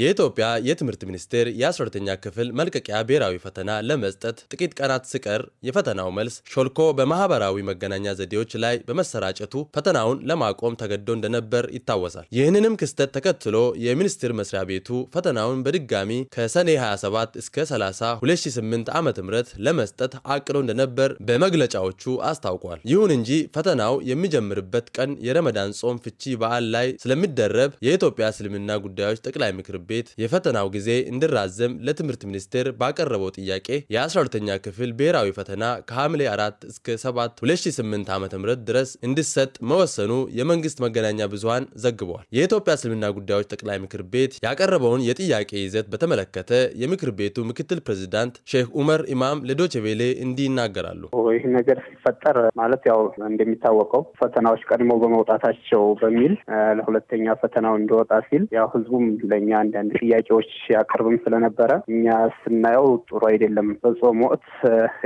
የኢትዮጵያ የትምህርት ሚኒስቴር የ የአስረተኛ ክፍል መልቀቂያ ብሔራዊ ፈተና ለመስጠት ጥቂት ቀናት ስቀር የፈተናው መልስ ሾልኮ በማህበራዊ መገናኛ ዘዴዎች ላይ በመሰራጨቱ ፈተናውን ለማቆም ተገዶ እንደነበር ይታወሳል። ይህንንም ክስተት ተከትሎ የሚኒስቴር መስሪያ ቤቱ ፈተናውን በድጋሚ ከሰኔ 27 እስከ 30 2008 ዓ ም ለመስጠት አቅዶ እንደነበር በመግለጫዎቹ አስታውቋል። ይሁን እንጂ ፈተናው የሚጀምርበት ቀን የረመዳን ጾም ፍቺ በዓል ላይ ስለሚደረብ የኢትዮጵያ እስልምና ጉዳዮች ጠቅላይ ምክር ቤት የፈተናው ጊዜ እንዲራዘም ለትምህርት ሚኒስቴር ባቀረበው ጥያቄ የ12ኛ ክፍል ብሔራዊ ፈተና ከሐምሌ 4 እስከ 7 2008 ዓ ም ድረስ እንዲሰጥ መወሰኑ የመንግስት መገናኛ ብዙሀን ዘግበዋል። የኢትዮጵያ እስልምና ጉዳዮች ጠቅላይ ምክር ቤት ያቀረበውን የጥያቄ ይዘት በተመለከተ የምክር ቤቱ ምክትል ፕሬዚዳንት ሼክ ኡመር ኢማም ለዶችቬሌ እንዲህ ይናገራሉ። ይህ ነገር ሲፈጠር ማለት ያው እንደሚታወቀው ፈተናዎች ቀድሞ በመውጣታቸው በሚል ለሁለተኛ ፈተናው እንዲወጣ ሲል ያው ህዝቡም ለእኛ እንደ አንዳንድ ጥያቄዎች ያቀርብም ስለነበረ እኛ ስናየው ጥሩ አይደለም። በጾም ወቅት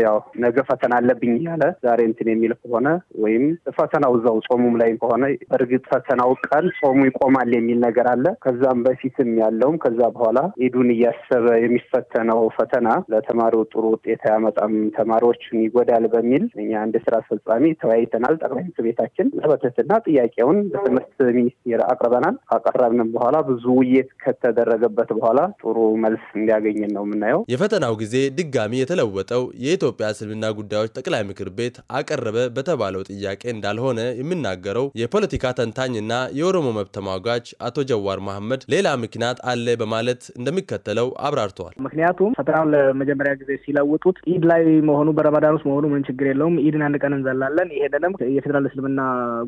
ያው ነገ ፈተና አለብኝ እያለ ዛሬ እንትን የሚል ከሆነ ወይም ፈተናው እዛው ጾሙም ላይ ከሆነ እርግጥ ፈተናው ቀን ጾሙ ይቆማል የሚል ነገር አለ። ከዛም በፊትም ያለውም ከዛ በኋላ ኢዱን እያሰበ የሚፈተነው ፈተና ለተማሪው ጥሩ ውጤት አያመጣም፣ ተማሪዎችን ይጎዳል በሚል እኛ አንድ ስራ አስፈጻሚ ተወያይተናል። ጠቅላይ ምክር ቤታችን ለበተትና ጥያቄውን ለትምህርት ሚኒስቴር አቅርበናል። ካቀረብንም በኋላ ብዙ ውይይት ከተ ከተደረገበት በኋላ ጥሩ መልስ እንዲያገኝን ነው የምናየው። የፈተናው ጊዜ ድጋሚ የተለወጠው የኢትዮጵያ እስልምና ጉዳዮች ጠቅላይ ምክር ቤት አቀረበ በተባለው ጥያቄ እንዳልሆነ የሚናገረው የፖለቲካ ተንታኝና የኦሮሞ መብት ተሟጋች አቶ ጀዋር መሐመድ ሌላ ምክንያት አለ በማለት እንደሚከተለው አብራርተዋል። ምክንያቱም ፈተናውን ለመጀመሪያ ጊዜ ሲለውጡት ኢድ ላይ መሆኑ በረመዳን ውስጥ መሆኑ ምን ችግር የለውም፣ ኢድን አንድ ቀን እንዘላለን፣ ይሄንንም የፌዴራል እስልምና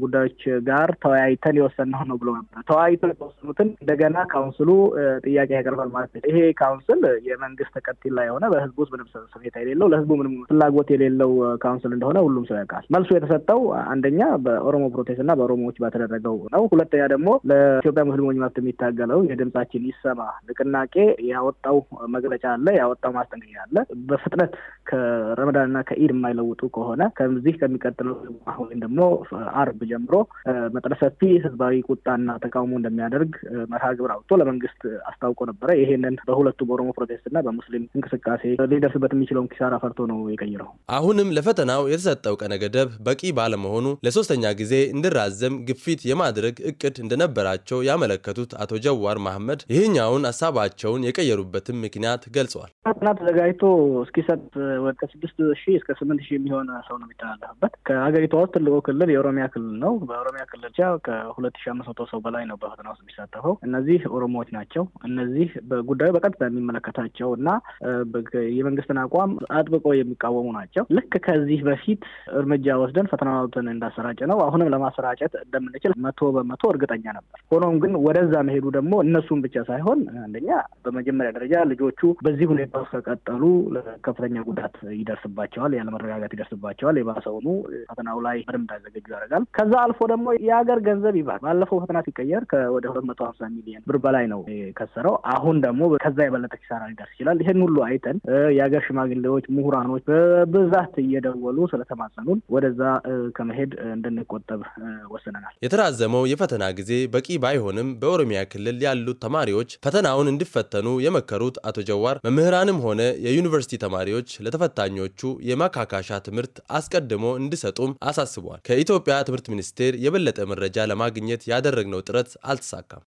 ጉዳዮች ጋር ተወያይተን የወሰንነው ነው ብሎ ነበር። ተወያይተን የተወሰኑትን እንደገና ካውንስሉ ጥያቄ ያቀርባል ማለት ነው። ይሄ ካውንስል የመንግስት ቀጥላ የሆነ በህዝቡ ውስጥ ምንም ስሜታ የሌለው ለህዝቡ ምንም ፍላጎት የሌለው ካውንስል እንደሆነ ሁሉም ሰው ያውቃል። መልሱ የተሰጠው አንደኛ በኦሮሞ ፕሮቴስት እና በኦሮሞዎች ባተደረገው ነው። ሁለተኛ ደግሞ ለኢትዮጵያ ሙስሊሞች መብት የሚታገለው የድምጻችን ይሰማ ንቅናቄ ያወጣው መግለጫ አለ፣ ያወጣው ማስጠንቀቂያ አለ። በፍጥነት ከረመዳን እና ከኢድ የማይለውጡ ከሆነ ከዚህ ከሚቀጥለው አሁን ወይም ደግሞ አርብ ጀምሮ መጠነ ሰፊ ህዝባዊ ቁጣና ተቃውሞ እንደሚያደርግ መርሃ ግብር አውጥቶ ለመንግስት አስታውቆ ነበረ። ይሄንን በሁለቱም በኦሮሞ ፕሮቴስት እና በሙስሊም እንቅስቃሴ ሊደርስበት የሚችለውን ኪሳራ ፈርቶ ነው የቀየረው። አሁንም ለፈተናው የተሰጠው ቀነ ገደብ በቂ ባለመሆኑ ለሶስተኛ ጊዜ እንዲራዘም ግፊት የማድረግ እቅድ እንደነበራቸው ያመለከቱት አቶ ጀዋር መሐመድ ይህኛውን ሀሳባቸውን የቀየሩበትን ምክንያት ገልጸዋል። ፈተና ተዘጋጅቶ እስኪሰጥ ወደ ስድስት ሺህ እስከ ስምንት ሺህ የሚሆን ሰው ነው የሚተላለፍበት። ከሀገሪቷ ውስጥ ትልቁ ክልል የኦሮሚያ ክልል ነው። በኦሮሚያ ክልል ብቻ ከሁለት ሺህ አምስት መቶ ሰው በላይ ነው በፈተና ውስጥ የሚሳተፈው። እነዚህ ኦሮሞዎች ናቸው። ናቸው። እነዚህ በጉዳዩ በቀጥታ የሚመለከታቸው እና የመንግስትን አቋም አጥብቀው የሚቃወሙ ናቸው። ልክ ከዚህ በፊት እርምጃ ወስደን ፈተናትን እንዳሰራጨ ነው አሁንም ለማሰራጨት እንደምንችል መቶ በመቶ እርግጠኛ ነበር። ሆኖም ግን ወደዛ መሄዱ ደግሞ እነሱን ብቻ ሳይሆን አንደኛ በመጀመሪያ ደረጃ ልጆቹ በዚህ ሁኔታ ውስጥ ከቀጠሉ ከፍተኛ ጉዳት ይደርስባቸዋል፣ ያለመረጋጋት ይደርስባቸዋል። የባሰውኑ ፈተናው ላይ በደንብ እንዳይዘጋጁ ያደርጋል። ከዛ አልፎ ደግሞ የሀገር ገንዘብ ይባል ባለፈው ፈተና ሲቀየር ከወደ ሁለት መቶ ሀምሳ ሚሊዮን ብር በላይ ነው የከሰረው። አሁን ደግሞ ከዛ የበለጠ ኪሳራ ሊደርስ ይችላል። ይህን ሁሉ አይተን የሀገር ሽማግሌዎች፣ ምሁራኖች በብዛት እየደወሉ ስለተማጸኑን ወደዛ ከመሄድ እንድንቆጠብ ወስነናል። የተራዘመው የፈተና ጊዜ በቂ ባይሆንም በኦሮሚያ ክልል ያሉት ተማሪዎች ፈተናውን እንዲፈተኑ የመከሩት አቶ ጀዋር መምህራንም ሆነ የዩኒቨርሲቲ ተማሪዎች ለተፈታኞቹ የማካካሻ ትምህርት አስቀድሞ እንዲሰጡም አሳስቧል። ከኢትዮጵያ ትምህርት ሚኒስቴር የበለጠ መረጃ ለማግኘት ያደረግነው ጥረት አልተሳካም።